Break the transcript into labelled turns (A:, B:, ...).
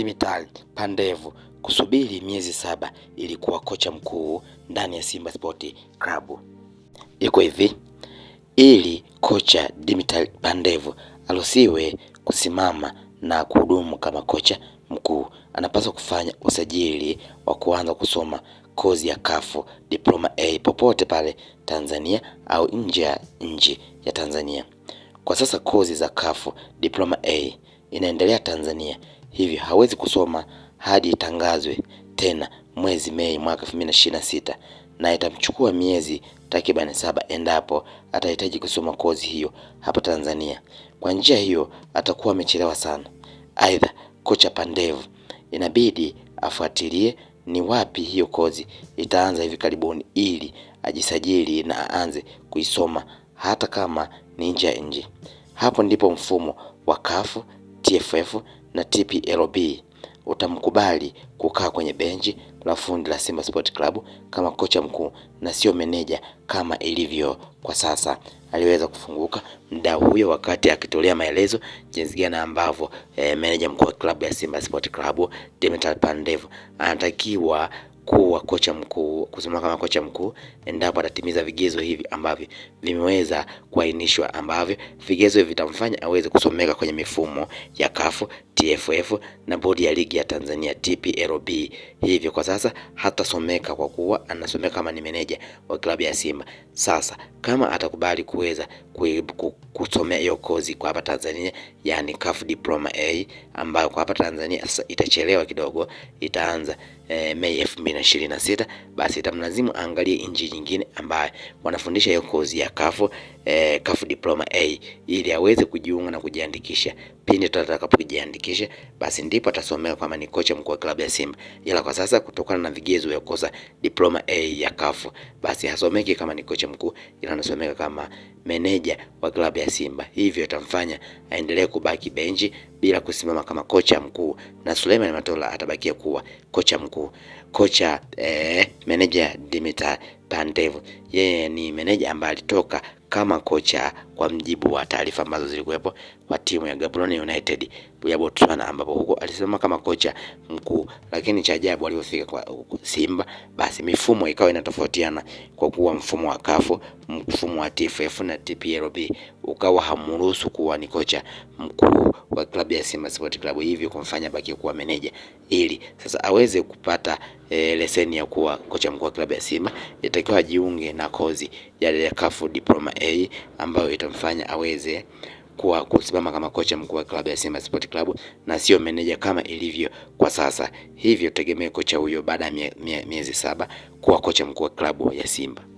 A: Dimitar Pandev kusubiri miezi saba ili kuwa kocha mkuu ndani ya Simba Sport Club. Iko hivi, ili kocha Dimitar Pandev aruhusiwe kusimama na kuhudumu kama kocha mkuu, anapaswa kufanya usajili wa kuanza kusoma kozi ya kafu diploma A popote pale Tanzania au nje ya nje ya Tanzania. Kwa sasa kozi za kafu diploma A inaendelea Tanzania hivyo hawezi kusoma hadi itangazwe tena mwezi Mei mwaka 2026 na itamchukua miezi takriban saba endapo atahitaji kusoma kozi hiyo hapa Tanzania. Kwa njia hiyo atakuwa amechelewa sana. Aidha, kocha Pandevu inabidi afuatilie ni wapi hiyo kozi itaanza hivi karibuni, ili ajisajili na aanze kuisoma hata kama ni nje ya nchi. Hapo ndipo mfumo wa kafu TFF na TPLB utamkubali kukaa kwenye benchi la fundi la Simba Sport Club kama kocha mkuu na sio meneja kama ilivyo kwa sasa. Aliweza kufunguka mda huyo wakati akitolea maelezo jinsi gani ambavyo e, meneja mkuu wa klabu ya Simba Sport Club Dimitar Pandev anatakiwa mkuu wa kocha mkuu kusimama kama kocha mkuu endapo atatimiza vigezo hivi ambavyo vimeweza kuainishwa, ambavyo vigezo hivi vitamfanya aweze kusomeka kwenye mifumo ya kafu TFF na bodi ya ligi ya Tanzania TPLB, hivyo kwa sasa hatasomeka kwa kuwa anasomeka kama ni meneja wa klabu ya Simba. Sasa kama atakubali kuweza kusomea hiyo kozi kwa hapa Tanzania, yani CAF Diploma A ambayo kwa hapa Tanzania sasa itachelewa kidogo, itaanza eh, Mei 2026, basi itamlazimu aangalie nchi nyingine ambayo wanafundisha hiyo kozi ya CAF eh, CAF Diploma A ili aweze kujiunga na kujiandikisha pindi tutakapojiandikisha ajiandikishe, basi ndipo atasomea kama ni kocha mkuu wa klabu ya Simba, ila kwa sasa kutokana na vigezo vya kukosa diploma A ya kafu, basi hasomeki kama ni kocha mkuu, ila anasomeka kama meneja wa klabu ya Simba. Hivyo itamfanya aendelee kubaki benchi bila kusimama kama kocha mkuu, na Suleiman Matola atabakia kuwa kocha mkuu. Kocha eh, meneja Dimitar Pandev, yeye ni meneja ambaye alitoka kama kocha kwa mjibu wa taarifa ambazo zilikuwepo kwa timu ya Gaborone United ya Botswana, ambapo huko alisema kama kocha mkuu, lakini cha ajabu aliyofika kwa Simba basi mifumo ikawa inatofautiana, kwa kuwa mfumo wa kafu mfumo wa TFF na TPLB ukawa hamruhusu kuwa ni kocha mkuu wa klabu ya Simba Sport Club, hivyo kumfanya baki kuwa meneja ili sasa aweze kupata e, leseni ya kuwa kocha mkuu wa klabu ya Simba, itakiwa ajiunge na kozi ya CAF Diploma A ambayo ita kinachomfanya aweze kuwa kusimama kama kocha mkuu wa klabu ya Simba Sport Club na sio meneja kama ilivyo kwa sasa. Hivyo tegemee kocha huyo baada ya mie, mie, miezi saba kuwa kocha mkuu wa klabu ya Simba.